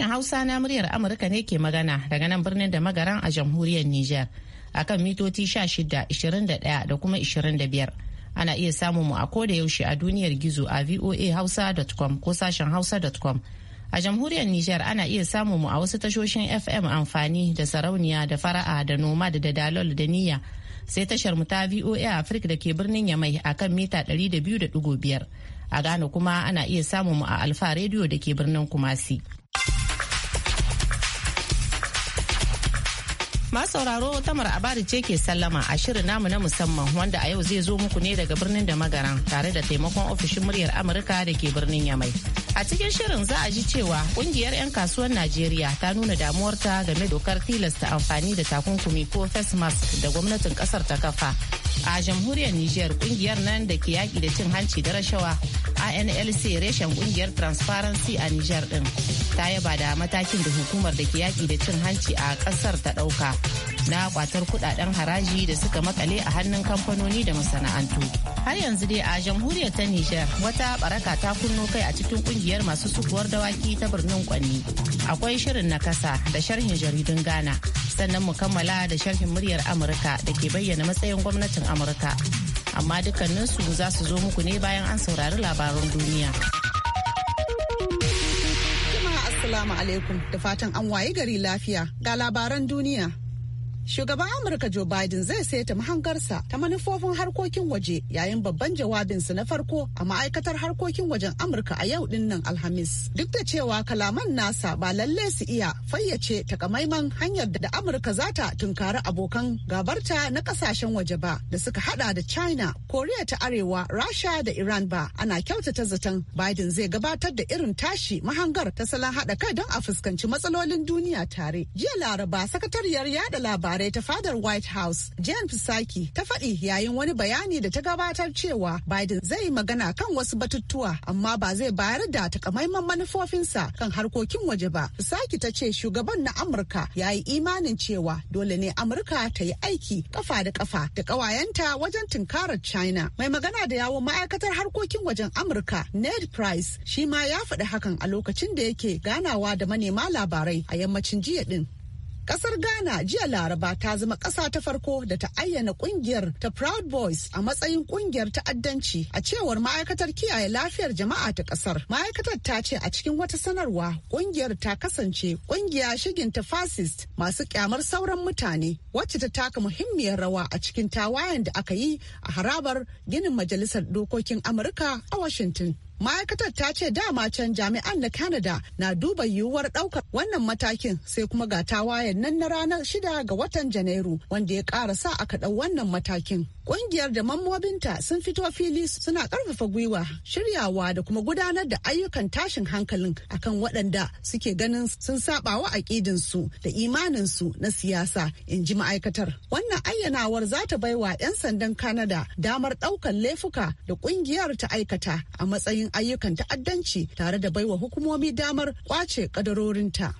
Sashen Hausa na muryar Amurka ne ke magana daga nan birnin da magaran a jamhuriyar Nijar akan mitoti 16, 21 da kuma 25. Ana iya samun mu a da yaushe a duniyar gizo a voahausa.com ko sashen hausa.com. A jamhuriyar Nijar ana iya samun mu a wasu tashoshin FM amfani da sarauniya da fara'a da noma da da dalol da niyya sai tashar mu ta VOA Africa da ke birnin Yamai kan mita 200.5. a Ghana kuma ana iya samun mu a Alfa rediyo da ke birnin Kumasi. Masu sauraro Tamar Abari ce ke sallama a shirin namu na musamman wanda a yau zai zo muku ne daga birnin da magaran tare da taimakon ofishin muryar Amurka da ke birnin Yamai. A cikin shirin za a ji cewa kungiyar 'yan kasuwar Najeriya ta nuna damuwarta game dokar tilasta amfani da takunkumi ko face mask da gwamnatin kasar ta kafa a jamhuriyar niger kungiyar nan da ke yaƙi da cin hanci da rashawa anlc reshen kungiyar transparency a niger din ta yaba da matakin da hukumar da ke yaƙi da cin hanci a ƙasar ta ɗauka na kwatar kudaden haraji da suka makale a hannun kamfanoni da masana'antu har yanzu dai a jamhuriyar ta niger wata ɓaraka ta kunno kai a cikin kungiyar masu sukuwar dawaki ta birnin kwanni akwai shirin na kasa da sharhin jaridun ghana sannan mu kammala da sharhin muryar amurka da ke bayyana matsayin gwamnatin amurka amma dukkaninsu za su zo muku ne bayan an saurari labaran duniya Assalamu alaikum da fatan an waye gari lafiya ga labaran duniya Shugaban Amurka Joe Biden zai saita mahangarsa ta manufofin harkokin waje yayin babban jawabinsa na farko a ma'aikatar harkokin wajen Amurka a yau dinnan Alhamis. Duk da cewa kalaman nasa ba lalle su iya fayyace takamaiman hanyar da Amurka za ta tunkari abokan gabarta na kasashen waje ba da suka hada da China, Koriya ta Arewa, Rasha da Iran ba. Ana kyautata zaton Biden zai gabatar da irin tashi mahangar ta salon hada kai don a fuskanci matsalolin duniya tare. Jiya Laraba, sakatariyar yada labarai labarai ta fadar White House, Jen Psaki ta faɗi yayin wani bayani da ta gabatar cewa Biden zai yi magana kan wasu batuttuwa amma ba zai bayar da takamaiman manufofinsa kan harkokin waje ba. Psaki ta ce shugaban na Amurka ya yi imanin cewa dole ne Amurka ta yi aiki kafa da kafa da ƙawayenta wajen tunkarar China. Mai magana da yawon ma'aikatar harkokin wajen Amurka Ned Price shi ma ya faɗi hakan a lokacin da yake ganawa da manema labarai a yammacin jiya ɗin. Kasar Ghana jiya Laraba ta zama kasa ta farko da ta ayyana kungiyar ta Proud Boys a matsayin kungiyar ta'addanci a cewar ma'aikatar kiyaye lafiyar jama'a ta kasar Ma'aikatar ta ce a cikin wata sanarwa kungiyar ta kasance kungiya shigin ta fascist masu kyamar sauran mutane wacce ta taka muhimmiyar rawa a cikin tawayen da aka yi a harabar ginin Majalisar Dokokin Amurka a Washington. ma'aikatar ta ce dama can jami'an na canada na duba yiwuwar ɗaukar wannan matakin sai kuma ga ta wayan nan na ranar shida ga watan janairu wanda ya ƙara sa aka ɗau wannan matakin ƙungiyar da mambobinta sun fito fili suna ƙarfafa gwiwa shiryawa da kuma gudanar da ayyukan tashin hankalin akan waɗanda suke ganin sun saɓawa aƙidinsu da imaninsu na siyasa in ji ma'aikatar wannan ayyanawar za ta wa 'yan sandan canada damar ɗaukar laifuka da ƙungiyar ta aikata a matsayin ayyukan ta'addanci tare da baiwa hukumomi damar kwace kadarorinta.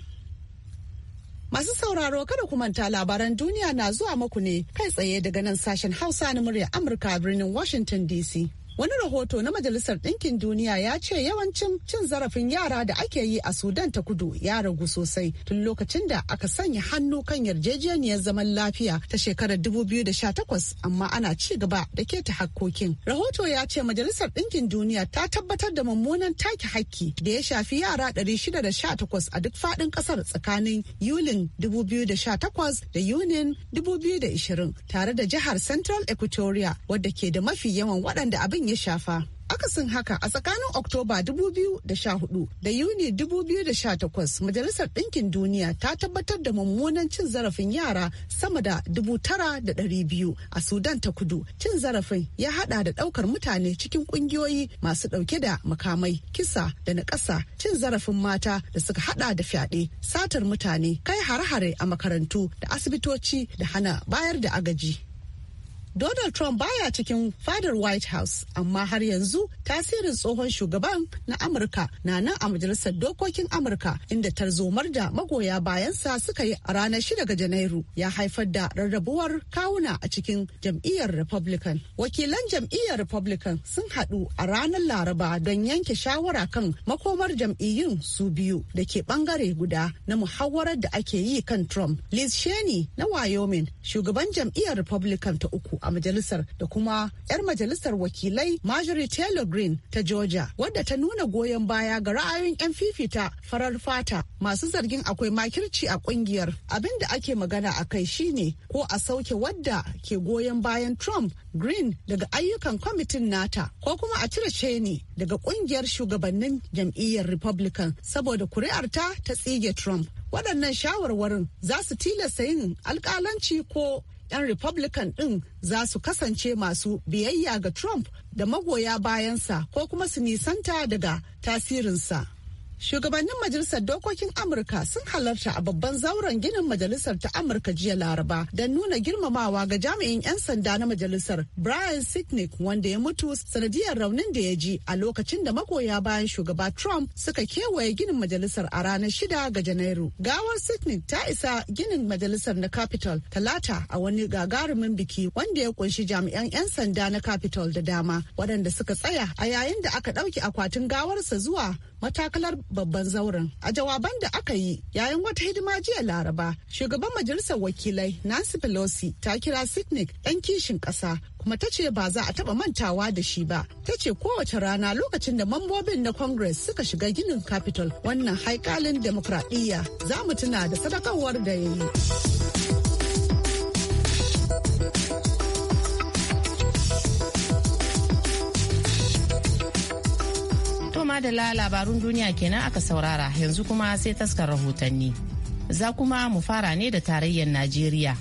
Masu sauraro kada ku manta labaran duniya na zuwa muku ne kai tsaye daga nan sashen Hausa na murya Amurka birnin Washington DC. Wani rahoto na Majalisar Ɗinkin Duniya ya ce yawancin cin zarafin yara da ake yi a Sudan ta kudu ya ragu sosai tun lokacin da aka sanya hannu kan yarjejeniyar zaman lafiya ta shekarar 2018 amma ana ci gaba da ta hakkokin. Rahoto ya ce Majalisar Ɗinkin Duniya ta tabbatar da mummunan take hakki da ya shafi yara 618 a duk faɗin ƙasar tsakanin Yulin 2018 da Yunin 2020 tare da jihar Central Equatoria wadda ke da mafi yawan waɗanda abin ya shafa. akasin haka a tsakanin oktoba 2014 da yuni 2018 majalisar ɗinkin duniya ta tabbatar da mummunan cin zarafin yara sama da 9,200 a sudan ta kudu cin zarafin ya hada da ɗaukar mutane cikin ƙungiyoyi masu ɗauke da makamai kisa da naƙasa cin zarafin mata da suka hada da fyaɗe satar mutane kai hare-hare a makarantu da asibitoci da hana bayar da agaji Donald Trump baya cikin fadar White House amma har yanzu tasirin tsohon shugaban na Amurka na nan a majalisar dokokin Amurka inda tarzomar da magoya bayansa suka yi a ranar 6 ga Janairu ya haifar da rarrabuwar kawuna a cikin jam'iyyar Republican. Wakilan jam'iyyar Republican sun haɗu a ranar Laraba don yanke shawara kan makomar jam'iyyun su biyu da ke bangare guda na muhawarar da ake yi kan Trump. Liz Cheney na Wyoming shugaban jam'iyyar Republican ta uku a majalisar da kuma 'yar majalisar wakilai Marjorie Taylor Green ta Georgia wadda ta nuna goyon baya ga ra'ayoyin 'yan fifita farar fata masu zargin akwai makirci a kungiyar abin da ake magana a kai shine ko a sauke wadda ke goyon bayan Trump Green daga ayyukan kwamitin nata ko kuma a cire Cheney daga kungiyar shugabannin jam'iyyar Republican saboda kuri'arta ta ta tsige Trump. Waɗannan shawarwarin za su tilasta yin alƙalanci ko 'yan republican ɗin za su kasance masu biyayya ga trump da magoya bayansa ko kuma su nisanta daga tasirinsa Shugabannin Majalisar Dokokin Amurka sun halarta a babban zauren ginin Majalisar ta Amurka jiya Laraba don nuna girmamawa ga jami'in 'yan sanda na Majalisar Brian Sicknick wanda ya mutu sanadiyar raunin da ya ji a lokacin da magoya bayan shugaba Trump suka kewaye ginin Majalisar a ranar shida ga Janairu. Gawar Sicknick ta isa ginin Majalisar na Capitol talata a wani gagarumin biki wanda ya kunshi jami'an 'yan sanda na Capitol da dama waɗanda suka tsaya a yayin da aka ɗauki akwatin gawarsa zuwa matakalar babban zauren. A jawaban da aka yi yayin wata hidima jiya Laraba, shugaban majalisar wakilai Nancy Pelosi ta kira Sitnik ɗan kishin kasa kuma ta ce ba za a taɓa mantawa da shi ba. Ta ce kowace rana lokacin da mambobin na Congress suka shiga ginin Capitol wannan haikalin demokradiyya za mu tuna da sadakarwar da ya yi. madala labarun duniya kenan aka saurara yanzu kuma sai taskar rahotanni. Za kuma mu fara ne da tarayyar Najeriya.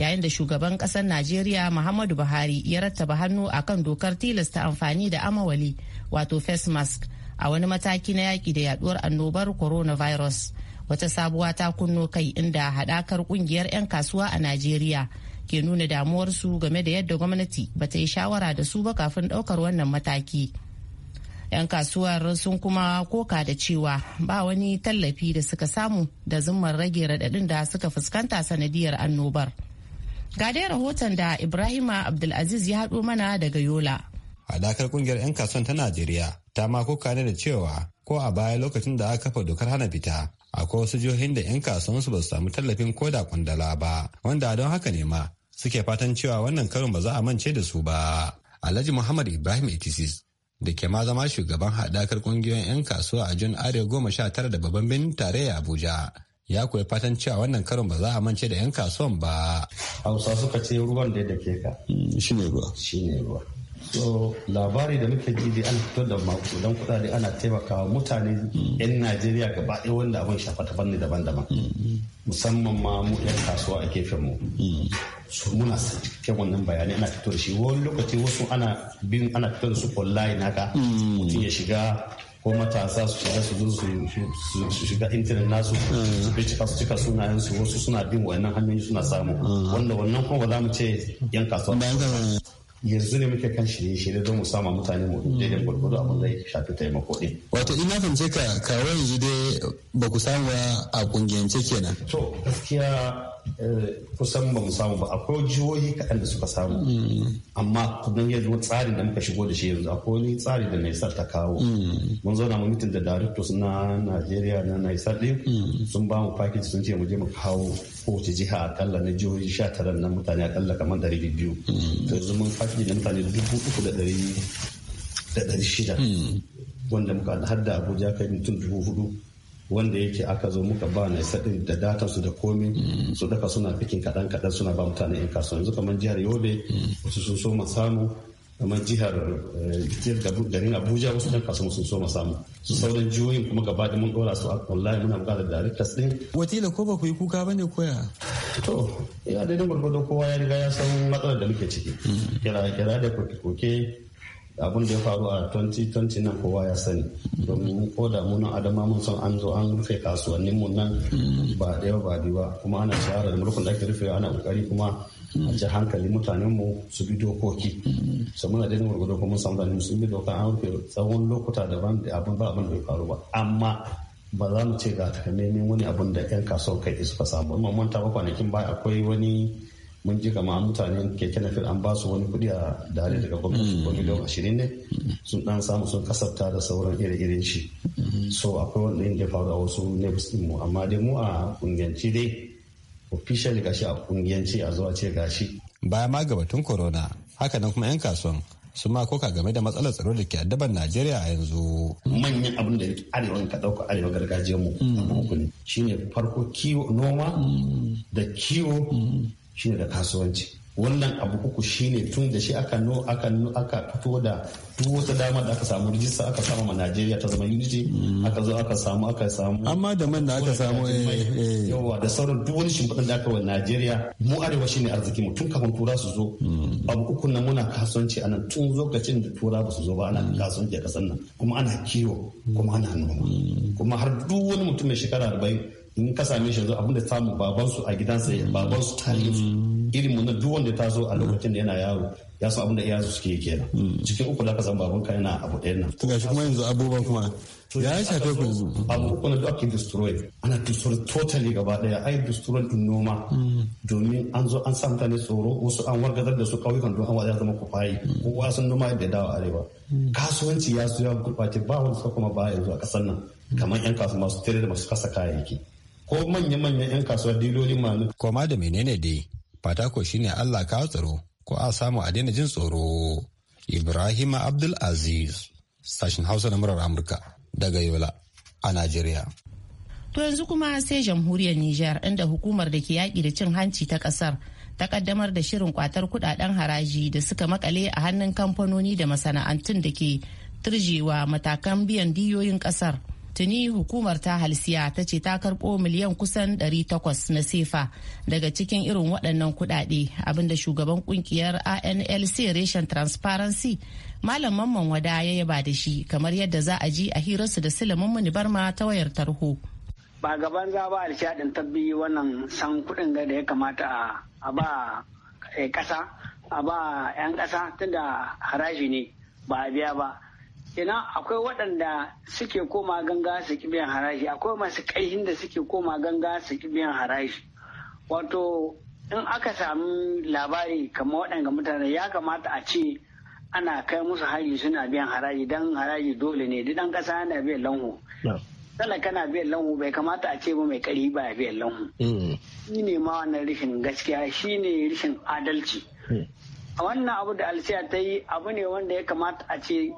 Yayin da shugaban kasar Najeriya Muhammadu Buhari ya rattaba hannu a kan dokar tilasta amfani da amawali wato face mask a wani mataki na yaƙi da yaduwar annobar coronavirus. Wata sabuwa ta kunno kai inda haɗakar ƙungiyar 'yan kasuwa a Najeriya ke nuna damuwarsu game da yadda gwamnati bata yi shawara da su ba kafin ɗaukar wannan mataki. 'yan kasuwar sun kuma koka da cewa ba wani tallafi da suka samu da zumar rage raɗaɗin da suka fuskanta sanadiyar annobar ga dai rahoton da ibrahima abdulaziz ya haɗo mana daga yola dakar ƙungiyar 'yan kasuwan ta najeriya ta ma koka ne da cewa ko a baya lokacin da aka kafa dokar hana fita akwai wasu jihohin da 'yan su ba su samu tallafin koda kwandala ba wanda don haka ne ma suke fatan cewa wannan karin ba za a mance da su ba alhaji muhammad ibrahim 86 da ke ma zama shugaban hadakar ƙungiyoyin 'yan kasuwa a jun arewa goma sha tara da babban birnin tarayya abuja ya koyi fatan cewa wannan karon ba za a mance da 'yan kasuwan ba hausa suka ce ruwan da ke ka mm, shi ne ruwa shi ne ruwa so labari da muke ji da an fito da makudan kudade ana taimakawa mutane yan najeriya gaba ɗaya wanda abin shafa ta fanni daban-daban musamman ma mu yan kasuwa a gefen mu su muna sake wannan bayanai ana fito da shi wani lokaci wasu ana bin ana fito da su online haka mutum ya shiga ko matasa su shiga su su shiga intanet nasu su cika su cika sunayen su wasu suna bin wayannan hanyoyi suna samu wanda wannan kuma ba za mu ce yan kasuwa yanzu ne muke kan shirye-shirye don mu sama mutane mu mm. daidai gwargwado abin da ya shafi taimako din. Wato ina fahimce ka kawo yanzu dai ba ku samu a kungiyance kenan. To gaskiya Eh, kusan ba mu samu ba akwai jihohi kaɗan da suka samu hmm. amma kudin yanzu tsari da muka shigo da shi yanzu akwai wani tsari da naisar ta kawo hmm. mun zauna mu mitin da directors na najeriya na naisar ɗin hmm. sun ba mu package sun ce mu je mu kawo kowace jiha akalla na jihohi sha tara na mutane akalla kamar ɗari biyu to yanzu mun package da mutane dubu uku da ɗari da ɗari shida wanda muka hadda abuja kai mutum dubu hudu wanda yake aka zo muka ba na sadin da datan su da komi su daka suna fikin kadan kadan suna ba mutane in kasuwa yanzu kamar jihar yobe wasu sun so samu kamar jihar eh, garin abuja wasu dan kasuwa sun so samu su sauran jihohin kuma gaba da mun dora su online muna bukatar directors din watila ko ba ku yi kuka bane koya to ya daidai gwargwado kowa ya riga ya san matsalar da muke ciki kira kira da koke abin da ya faru a 2020 nan kowa ya sani domin ko da munan adama mun san an zo an rufe kasuwannin mu nan ba yawa ba biyu ba kuma ana shahara da mulkin da ake rufe ana kokari kuma a ji hankali mutanen mu su bi dokoki so muna daidai gwargwado kuma samfani sun bi doka an rufe tsawon lokuta daban da abin ba abin da bai faru ba amma ba za mu ce ga takamaimin wani abun da 'yan kasuwar kai suka samu mun ta ba kwanakin baya akwai wani mun ji kama mutanen keke nafir an ba su wani kuɗi a dare daga gwamnati ko mm. miliyan ashirin ne sun dan samu sun kasafta da sauran iri shi mm. so akwai wanda yin faru a wasu ne din mu amma dai mu a kungiyanci dai officially gashi a kungiyanci a zuwa ce gashi baya ma gabatun corona haka nan kuma yan kasuwan su ma koka game da matsalar tsaro da ke addaban Najeriya a yanzu. Manyan abin da arewa ka dauka arewa gargajiyar mu a mm. shine farko kiwo noma da kiwo shine da kasuwanci wannan abu uku shine tun da shi aka no aka no aka fito da duk wata dama da aka samu rijista aka samu ma Najeriya ta zama unity mm. aka zo aka samu aka samu amma da man da aka samu eh. eh. yawa da sauran duk wani shimfiɗin da aka wa Najeriya mu arewa shine arziki mu tun kafin tura su zo mm. abu uku nan muna kasuwanci anan tun lokacin da tura ba su zo ba ana mm. kasuwanci a kasar nan kuma ana kiwo kuma ana noma kuma har duk wani mutum mai shekara arba'in in ka same shi yanzu abin da samu babansu a gidansa babansu tarihinsu mm. irin mu na duk wanda ta zo a lokacin da yana yaro ya san abin da iyayensu suke kenan mm. cikin uku da ka san baban ka yana abu ɗaya nan ga shi kuma yanzu abubuwan kuma ya shafe ku yanzu abu kuma na duk ake destroy ana destroy totally gaba ɗaya ai destroy din noma mm. domin an zo an sa mutane tsoro wasu an wargazar da su kauyukan don an wajen zama kufayi kowa sun noma yadda dawa arewa kasuwanci ya su ya gurɓace ba wani sa kuma ba yanzu a ƙasar nan kamar 'yan kasuwa masu tere da masu kasa kayayyaki ko manya-manyan 'yan kasuwar diloli malu. Koma da menene dai fata ko shine Allah ka tsaro ko a samu a daina jin tsoro. Ibrahim Abdul Aziz sashen Hausa na murar Amurka daga Yola a Najeriya. To yanzu kuma sai jamhuriyar Nijar inda hukumar da ke yaƙi da cin hanci ta ƙasar ta ƙaddamar da shirin kwatar kudaden haraji da suka makale a hannun kamfanoni da masana'antun da ke turjewa matakan biyan diyoyin ƙasar. tuni hukumar ta halsiya ta ce ta karbo miliyan kusan 800 na sefa daga cikin irin waɗannan kudade abinda shugaban kungiyar anlc reshen transparency malam mamman wada ya yaba da shi kamar yadda za a ji a hirarsu da silimin muni barma ta wayar tarho ba gaban za ba alshadin tabbi wannan san kuɗin da ya kamata a ba eh, ƙasa a ba 'yan ƙasa tunda haraji ne ba a biya ba Ina akwai waɗanda suke koma ganga su ki biyan haraji akwai masu ƙaihin da suke koma ganga su ki biyan haraji wato in aka sami labari kamar waɗanda mutane ya kamata a ce ana kai musu hari suna biyan haraji dan haraji dole ne duk ɗan ƙasa yana biyan lanhu talaka na biyan lanhu bai kamata a ce ba mai ƙari ba biyan lanhu mm. shi ne ma wannan rashin gaskiya shi ne rashin adalci a mm. wannan abu da alsiya ta yi abu ne wanda ya kamata a ce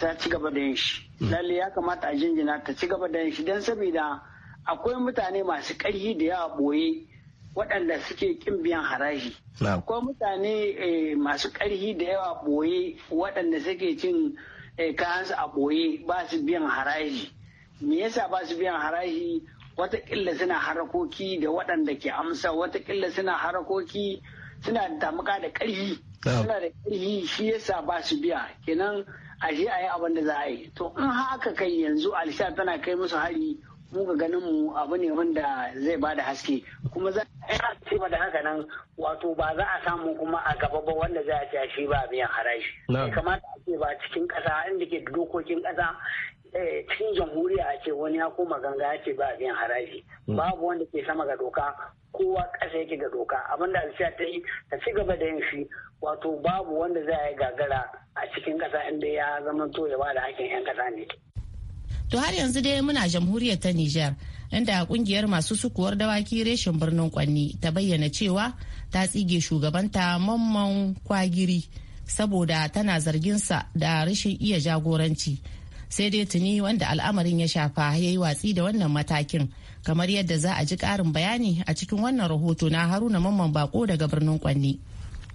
ta ci gaba da yin shi mm. lalle ya kamata a jinjina ta ci gaba da yin shi don saboda akwai mutane masu ƙarfi da yawa ɓoye waɗanda suke ƙin biyan haraji akwai mutane eh, masu ƙarfi da yawa ɓoye waɗanda suke cin eh, kayansu a ɓoye ba su biyan haraji me yasa ba su biyan haraji watakila suna harakoki da waɗanda ke amsa watakila suna harakoki suna damuka da ƙarfi suna da ilimi shi yasa ba su biya kenan a je a yi abin da za a yi to in haka kai yanzu alisha tana kai musu hari mu ga ganin mu abu ne wanda zai ba da haske kuma za a ce da haka nan wato ba za a samu kuma a gaba ba wanda za a ce shi ba biyan haraji kamata a ce ba cikin ƙasa inda ke dokokin ƙasa Eh, cikin jamhuriya a ce wani ya koma ganga ya ce ba a biyan haraji hmm. babu wanda ke sama ga doka kowa ƙasa yake ga doka abinda alfiya ta yi ta ci gaba da yin shi wato babu wanda za a yi gagara a cikin ƙasa inda ya zama to ya bada hakin 'yan ƙasa ne. to har yanzu dai muna jamhuriyar ta nijar inda kungiyar masu sukuwar dawaki reshen birnin kwanni ta bayyana cewa ta tsige shugabanta mamman kwagiri saboda tana zarginsa da rashin iya jagoranci sai dai tuni wanda al'amarin ya shafa ya yi watsi da wannan matakin kamar yadda za a ji ƙarin bayani a cikin wannan rahoto na haruna mamman bako daga birnin kwanni.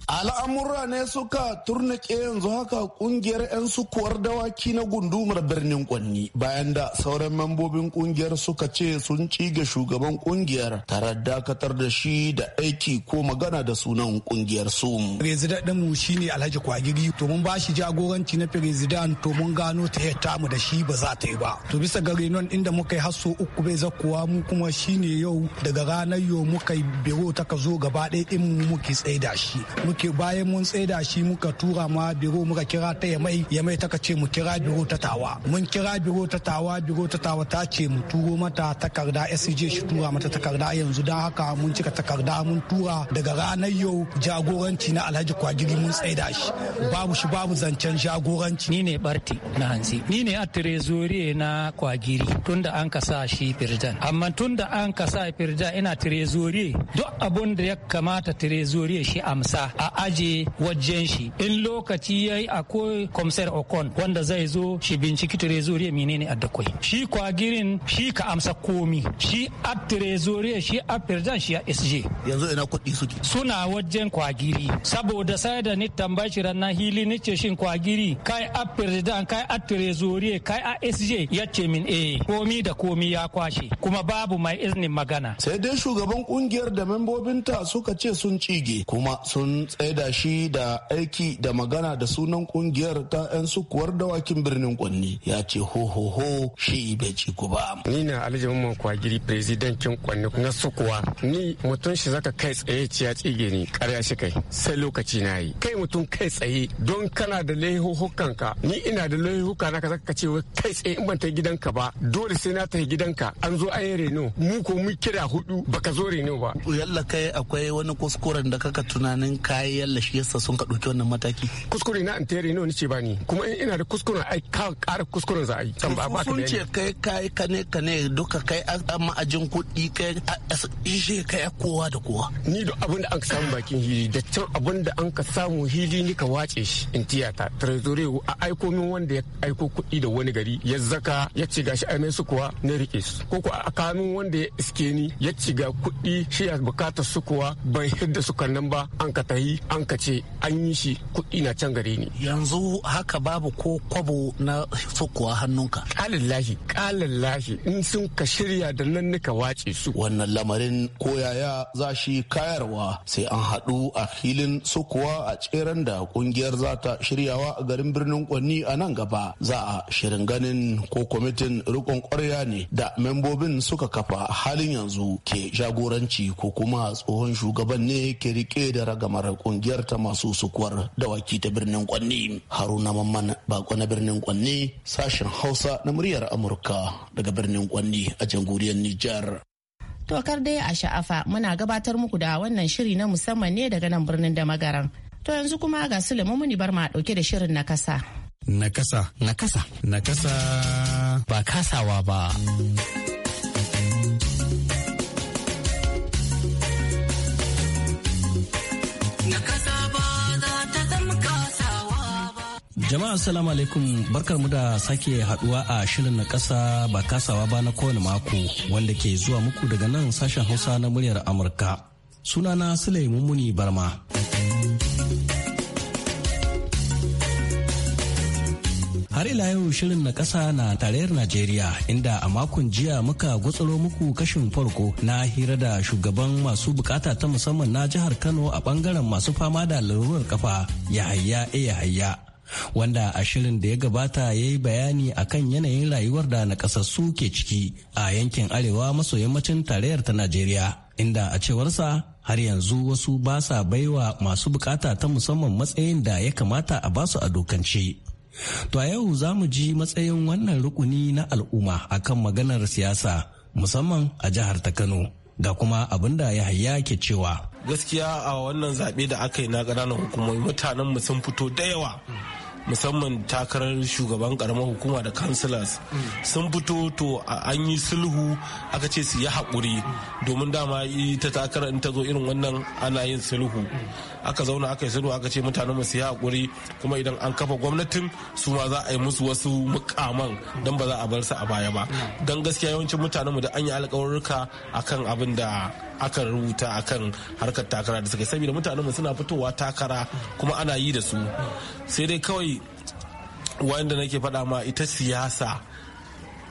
al'amura ne suka turnike yanzu haka kungiyar 'yan sukuwar dawaki na gundumar birnin kwanni bayan da sauran mambobin kungiyar suka ce sun ci ga shugaban kungiyar tare dakatar da shi da aiki ko magana da sunan kungiyar su president mu shine alhaji kwagiri to mun ba shi jagoranci na president to mun gano ta yata mu da shi ba za ta yi ba to bisa ga renon inda muka yi hasso uku bai zakuwa mu kuma shine yau daga ranar yau muka yi biro ta ka zo gaba ɗaya in muke da shi ke bayan mun tsaida shi muka tura ma biro muka kira ta yamai yamai ta ka ce mu kira biro ta tawa mun kira biro ta tawa biro ta tawa ta ce mu turo mata takarda SCJ shi tura mata takarda yanzu don haka mun cika takarda mun tura daga ranar yau jagoranci na Alhaji Kwagiri mun tsaida shi babu shi babu zancen jagoranci ni ne barti na hanzi ni ne a trezoriye na Kwagiri tunda an ka sa shi firjan amma tunda an ka sa firjan ina trezoriye duk abun da ya kamata trezoriye shi amsa Ajiye aje wajen shi in lokaci yayi akwai komisar okon wanda zai zo shi binciki trezoriya menene addakwai shi kwagirin shi ka amsa komi shi a trezoriya shi a firjan shi a sj yanzu ina kuɗi su suna wajen kwagiri saboda sai da ni tambayi shi ranar hili ni ce shin kwagiri kai a firjan kai a trezoriya kai a sj ya ce min eh komi da komi ya kwashe kuma babu mai iznin magana sai dai shugaban kungiyar da membobinta suka ce sun cige kuma sun tsaida shi da aiki da magana da sunan kungiyar ta 'yan sukuwar dawakin birnin kwanni ya ce ho ho ho shi bai ci ku ba. Ni na Alhaji Mamman Kwagiri Presidentin Kwanni na sukuwa ni mutum shi zaka kai tsaye ci ya tsige ni karya shi kai sai lokaci na yi kai mutum kai tsaye don kana da hukanka ni ina da laihu na ka zaka ce kai tsaye in ban ta gidanka ba dole sai na ta gidanka an zo an yi reno mu ko mu kira hudu baka zo reno ba. Yalla kai akwai wani kuskuren da kaka tunanin kayi ya yallashi yasa sun ka ɗauki wannan mataki kuskure na antere ne ce ba ni kuma in ina da kuskuren ai ka ƙara kuskuren za a yi kan ba ba sun ce kai kai kane kane duka kai an ma'ajin kuɗi kai ishe kai kowa da kowa ni da abin da an ka samu bakin hili da can abin da an ka samu hili ni ka wace shi in tiyata trezore a aiko min wanda ya aiko kuɗi da wani gari ya zaka ya ce gashi ai su kuwa ne rike su ko ko a kanun wanda ya iske ni ya ci ga kuɗi shi ya bukata su kuwa ban hidda su kan nan ba an ka tahi yi an kace an yi shi kuɗi na can gare ni yanzu haka babu ko kwabo na sokowa hannunka kalillahi kalillahi in sun ka shirya da nan nika wace su wannan lamarin koyaya za shi kayarwa sai an haɗu a filin sokowa a tseren da kungiyar za ta shiryawa a garin birnin kwanni a nan gaba za a shirin ganin ko kwamitin rikon kwarya ne da membobin suka kafa halin yanzu ke jagoranci ko kuma tsohon shugaban ne ke rike da ragamar kungiyar ta masu sukuwar dawaki ta birnin Kwanni. Haruna Mamman bako na birnin Kwanni sashen Hausa na muryar Amurka daga birnin Kwanni a jamhuriyar Nijar. Tokar dai a sha'afa muna gabatar muku da wannan shiri na musamman ne daga nan birnin da magaran. To yanzu kuma ga Sulemu Muni bar ma dauke da shirin na kasa. Na kasa. Na kasa. Na kasa. Ba kasawa ba. Jama'a assalamu alaikum barkar mu da sake haduwa a shirin na kasa ba kasawa ba na kowane mako wanda ke zuwa muku daga nan sashen Hausa na muryar Amurka. Sunana Sule Mummuni Barma. har ila yau shirin na kasa na tarayyar najeriya inda a makon jiya muka gutsuro muku kashin farko na hira da shugaban masu bukata ta musamman na jihar kano a bangaren masu fama da larurar kafa yahaya e haya. wanda a shirin da ya gabata ya yi bayani a kan yanayin rayuwar da na su ke ciki a yankin arewa maso yammacin tarayyar ta najeriya inda a cewarsa har yanzu wasu ba sa baiwa masu bukata ta musamman matsayin da ya kamata a basu a dokance to a yau za mu ji matsayin wannan rukuni na al'umma akan maganar siyasa musamman a jihar ta kano ga kuma abin da ya hayya ke cewa gaskiya a wannan zaɓe da aka yi na ƙananan hukumomi mutanen mu sun fito da yawa musamman takarar shugaban karamar hukuma da councillors sun fito to an yi sulhu aka ce su yi haƙuri domin dama ita takarar in ta zo irin wannan ana yin sulhu aka zauna aka yi shiru aka ce mutanen mu su hakuri kuma idan an kafa gwamnatin su ma za a yi musu wasu mukaman don ba za a bar su a baya ba don gaskiya yawancin mutanen mu da an yi alkawarurruka akan abin da aka rubuta akan harkar takara da suka yi saboda mutanen mu suna fitowa takara kuma ana yi da su sai dai kawai wanda nake faɗa ma ita siyasa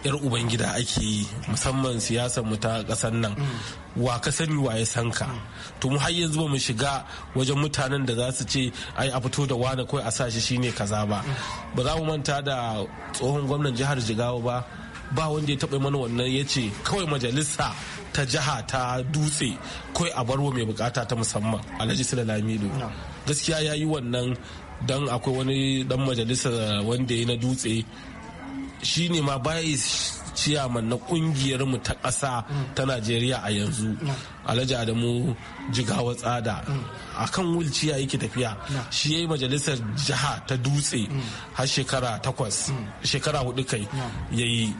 yar ubangida ake yi musamman siyasar mu ta kasar nan mm. wa ka sani wa ya san ka mm. to mu har yanzu ba mu shiga wajen mutanen da za su ce ai a fito da wani kawai a sa shi shine kaza ba mm. ba za mu manta da tsohon gwamnan jihar jigawa ba ba wanda ya taɓa mana wannan yace kawai majalisa ta jiha ta dutse kawai a barwa mai bukata ta musamman alhaji sila lamido gaskiya ya yi wannan dan akwai wani dan majalisa wanda ya na dutse Shi ne ma bayi ciyaman na kungiyar mu ta ƙasa ta Najeriya a yanzu Alhaji Adamu Jigawa Tsada mm. a kan wulciya yake tafiya shi ya yi majalisar jiha ta dutse mm. har shekara takwas mm. shekara hudu kai ya yi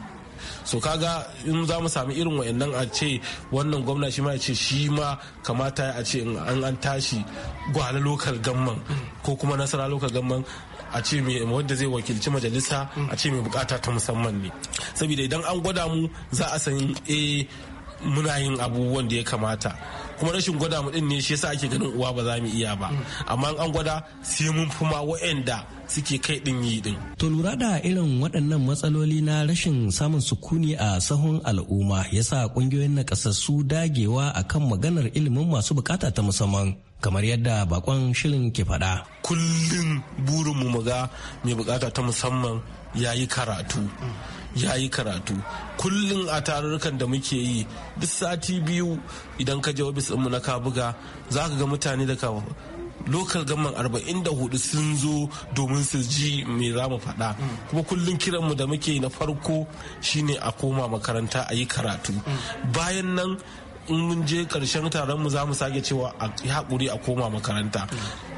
so kaga in za mu sami irin wayannan a ce wannan gwamna shi ma ya ce shi ma kamata a ce an an tashi gwala lokal gamman ko kuma nasara lokal gamman a ce mai wanda zai wakilci majalisa a ce mai bukata ta musamman ne saboda idan an gwada mu za a san eh muna yin abubuwan da ya kamata kuma rashin gwada mu din ne shi yasa ake ganin uwa ba za mu iya ba amma an gwada sai mun fi ma wa'anda suke kai din yi din to lura da irin waɗannan matsaloli na rashin samun sukuni a sahun al'umma yasa ƙungiyoyin nakasassu dagewa akan maganar ilimin masu bukata ta musamman kamar yadda bakon shirin ke faɗa. kullum burinmu mu ga mai bukata ta musamman ya yi karatu ya yi karatu kullum a tarurrukan da muke yi duk sati biyu idan ka je ofis mu na buga za ka ga mutane da ka lokal gaman hudu sun zo domin su ji me za mu faɗa kuma kullum kiranmu da muke yi na farko shine a koma makaranta a yi karatu bayan nan in mun je karshen taron mu za mu sake cewa a hakuri a koma makaranta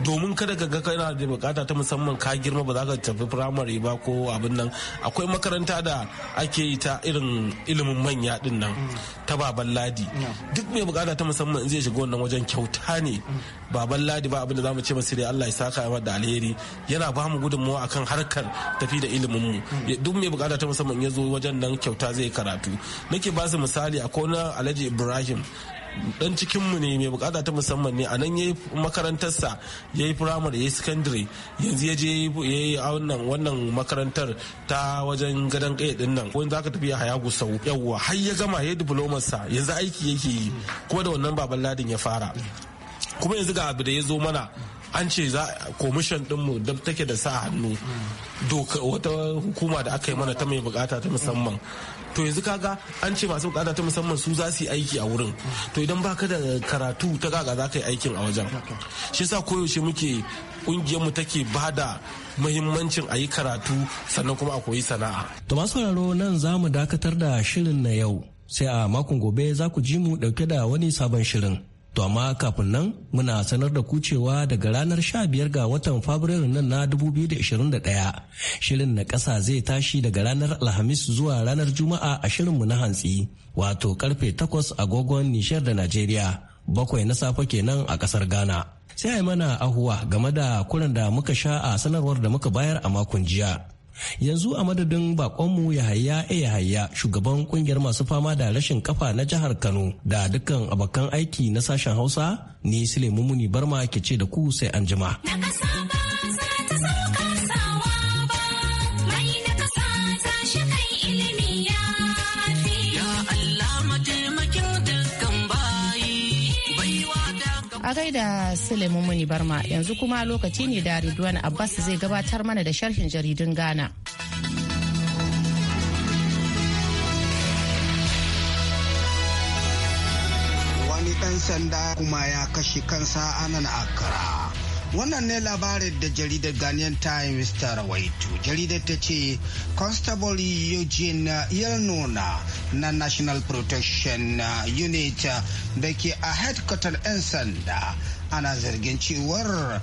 domin kada ka ga kana da bukata ta musamman ka girma ba za ka tafi firamare ba ko abin nan akwai makaranta da ake yi ta irin ilimin manya din nan ta baban ladi duk mai bukata ta musamman zai shiga wannan wajen kyauta ne baban ladi ba abin da mu ce masa da Allah ya saka ya da alheri yana ba mu gudunmawa akan harkar tafi da ilimin mu duk mai bukata ta musamman ya zo wajen nan kyauta zai karatu nake ba su misali akwai na Alhaji Ibrahim dan cikinmu ne mai bukata ta musamman ne anan nan ya yi makarantarsa ya yi firamare ya yi secondary yanzu ya je ya yi wannan wannan makarantar ta wajen gadon kai din nan wanda zaka tafi haya gusau yawwa har ya gama ya yi sa yanzu aiki yake yi kuma da wannan baban ladin ya fara kuma yanzu ga abu da ya zo mana an ce za komishin dinmu da take da sa hannu doka wata hukuma da aka yi mana ta mai bukata ta musamman to yanzu kaga an ce masu bukata ta musamman su za su yi aiki a wurin to idan baka da karatu ta kaga za ka yi aikin a wajen shi yasa koyaushe muke kungiyar mu take bada muhimmancin a yi karatu sannan kuma a koyi sana'a to masu sauraro nan za mu dakatar da shirin na yau sai a makon gobe za ku ji mu dauke da wani sabon shirin To amma kafin nan muna sanar da kucewa daga ranar sha biyar ga watan Fabrairu nan na 2021 shirin na ƙasa zai tashi daga ranar Alhamis zuwa ranar Juma'a a mu na hantsi wato karfe takwas agogon Nishar da Najeriya bakwai na safe kenan a ƙasar Ghana. Sai a mana ahuwa game da kuran da muka sha a sanarwar da muka bayar a makon jiya. yanzu a madadin bakonmu yahaya e yahaya shugaban kungiyar masu fama da rashin kafa na jihar kano da dukkan abokan aiki na sashen hausa ni sule mumuni barma ke ce da ku sai an jima. a gaida Suleiman Muni Barma yanzu kuma lokaci ne da Ridwan Abbas zai gabatar mana da sharhin jaridun Ghana. Wani ɗan sanda kuma ya kashe kansa a a kara. wannan ne labarin da jaridar ghanaian times ta rawaito jaridar ta ce constable eugene yelnona na national protection unit da ke a headquarter 'yan sanda ana zargin cewar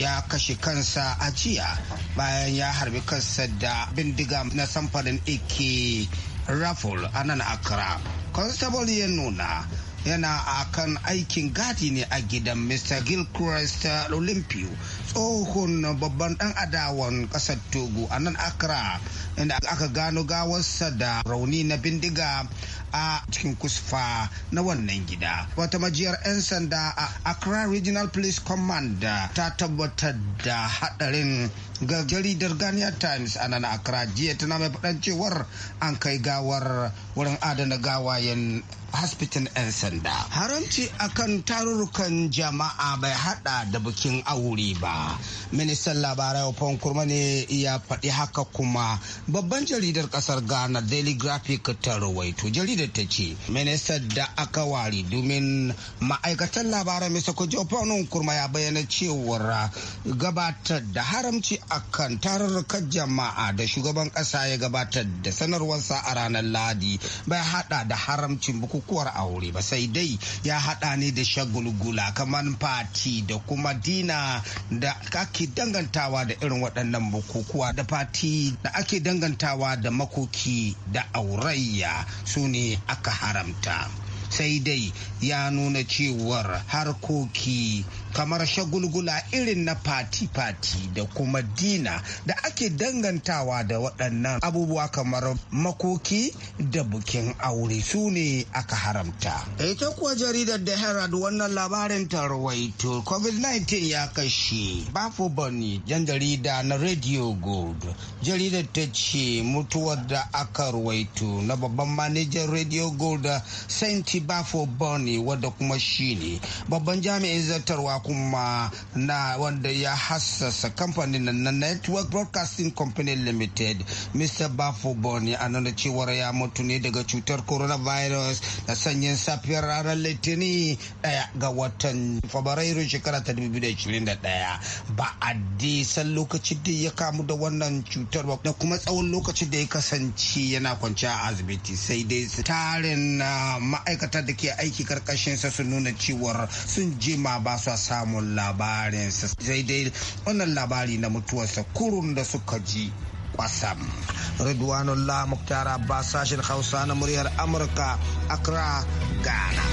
ya kashe kansa a jiya bayan ya harbi kansa da bindiga na samfarin ike raful a nan accra constable ya nuna yana a kan aikin gadi ne a gidan mr gilchrist olympio tsohon babban dan adawan kasar togo a nan accra inda aka gano gawarsa da rauni na bindiga a cikin kusfa na wannan gida wata majiyar 'yan sanda a accra regional police command ta tabbatar da hadarin ga jaridar Ghanaian Times a nan Accra jiya tana mai faɗan cewar an kai gawar wurin adana gawayen hospital 'yan sanda. Haramci akan tarurrukan jama'a bai hada da bikin aure ba. Ministan labarai Ofan Kurma ne ya faɗi haka kuma babban jaridar ƙasar Ghana Daily Graphic ta rawaito. Jaridar da ta ce ministan da aka ware domin ma'aikatan labaran Mr. faunin kurma ya bayyana cewar gabatar da haramci akan tarurrukan jama'a da shugaban kasa ya gabatar da sanarwarsa a ranar Ladi bai hada da haramcin bukukuwar aure ba sai dai ya hada ne da shagulgula kamar fati da kuma dina da ake dangantawa da irin waɗannan bukukuwa da fati da ake dangantawa da makoki da aurayya su ne aka haramta sai dai ya nuna cewar harkoki kamar shagulgula irin na fati-fati da kuma dina da ake dangantawa da waɗannan abubuwa kamar makoki da bukin aure su ne aka haramta. Ita kuwa jaridar da Herald wannan labarin tarwaito COVID-19 ya kashe Bafo bani jan jarida na Radio Gold. Jaridar ta ce mutuwar da aka ruwaito na babban manajan Radio Gold saint Bafo Boni wadda kuma shi babban jami'in zartarwa kuma na wanda ya hassasa kamfanin na network broadcasting company limited mr bafo boni a nuna cewar ya mutu ne daga cutar coronavirus da sanyin safiyar ranar litini daya ga watan fabrairu shekara ta 2021 ba a san lokacin da ya kamu da wannan cutar ba da kuma tsawon lokacin da ya kasance yana kwanci a asibiti sai dai tarin ah, ma'aikata da ke aiki karkashin sa sun nuna cewar sun jima ba su samun labarinsa sai dai wannan labari na mutuwarsa kurun da suka ji kwasam. Ridwanullah muktara Abbas sashen Hausa na muryar Amurka, Accra, Ghana.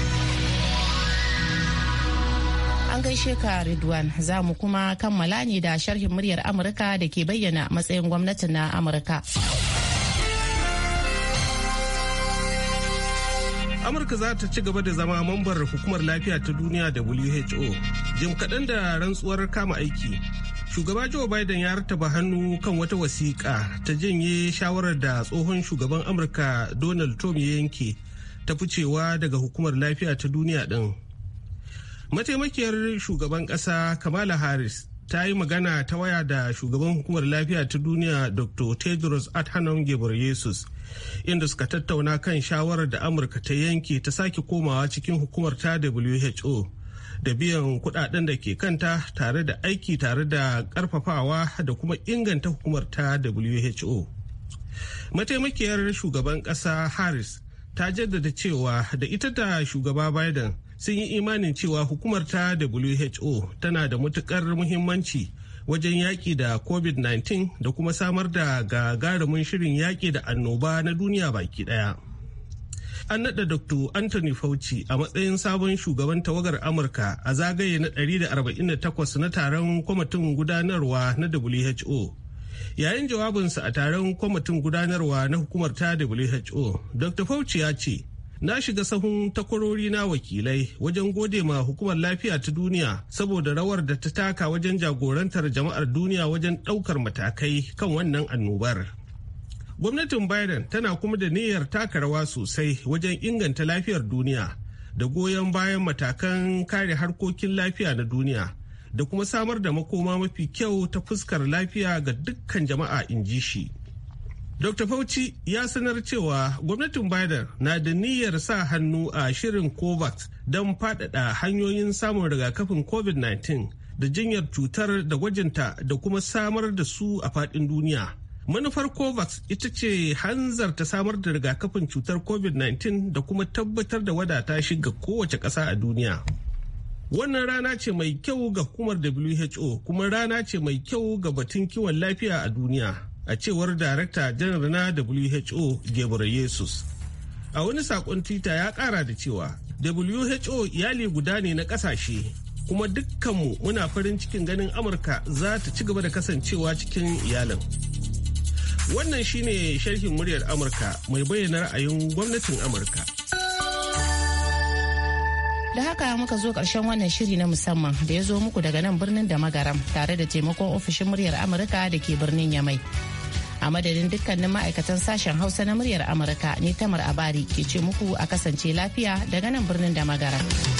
An gaishe ka Ridwan za mu kuma kammala ne da sharhin muryar Amurka da ke bayyana matsayin gwamnati na Amurka. Amurka za ta ci gaba da zama mambar hukumar lafiya ta duniya WHO. jim kaɗan da rantsuwar kama aiki shugaba joe biden ya rattaba hannu kan wata wasiƙa ta janye shawarar da tsohon shugaban amurka donald trump ya yanke ta ficewa daga hukumar lafiya ta duniya ɗin mataimakiyar shugaban ƙasa kamala harris ta yi magana ta waya da shugaban hukumar lafiya ta duniya dr tedros adhanom ghebreyesus inda suka tattauna kan shawarar da amurka ta yanke ta sake komawa cikin hukumar ta who da biyan kudaden da ke kanta tare da aiki tare da karfafawa da kuma inganta hukumar ta WHO. Mataimakiyar shugaban ƙasa Harris ta jaddada cewa da ita da shugaba Biden sun yi imanin cewa hukumar ta WHO tana da matukar muhimmanci wajen yaƙi da COVID-19 da kuma samar da gagarumin shirin yaƙi da annoba na duniya baki ɗaya. an naɗa Dr. Anthony Fauci a matsayin sabon shugaban tawagar Amurka a zagaye na 148 na taron kwamitin gudanarwa na WHO. Yayin jawabinsa a taron kwamitin gudanarwa na hukumar ta WHO, Dr. Fauci ya ce, Na shiga sahun takwarori na wakilai wajen gode ma hukumar lafiya ta duniya saboda rawar da ta taka wajen jagorantar jama'ar duniya wajen ɗaukar matakai kan wannan annobar. Gwamnatin Biden tana kuma da niyyar taka rawa sosai wajen inganta lafiyar duniya da goyon bayan matakan kare harkokin lafiya na duniya da kuma samar da makoma mafi kyau ta fuskar lafiya ga dukkan jama'a in ji shi. Dr. Fauci ya sanar cewa gwamnatin Biden na da niyyar sa hannu a shirin COVAX don faɗaɗa hanyoyin samun rigakafin COVID-19 da jinyar cutar da gwajinta da kuma samar da su a faɗin duniya. Manufar COVAX ita ce hanzar ta samar da rigakafin cutar COVID-19 da kuma tabbatar da wadata shi ga kowace ƙasa a duniya. Wannan rana ce mai kyau ga hukumar WHO kuma rana ce mai kyau ga batun kiwon lafiya a duniya a cewar Darakta Janar na WHO Gebra Yesus. A wani saƙon Twitter ya ƙara da cewa WHO iyali guda ne na ƙasashe kuma dukkanmu muna farin cikin ganin Amurka za ta ci gaba da kasancewa cikin iyalin. Wannan shine sharhin muryar Amurka mai bayyana ra'ayin gwamnatin Amurka. Da haka muka zo karshen wannan shiri na musamman da ya zo muku daga nan birnin da magaram tare da taimakon ofishin muryar Amurka da ke birnin Yamai. A madadin dukkanin ma'aikatan sashen Hausa na muryar Amurka ne Tamar Abari ke ce muku a kasance lafiya daga nan birnin da magaram.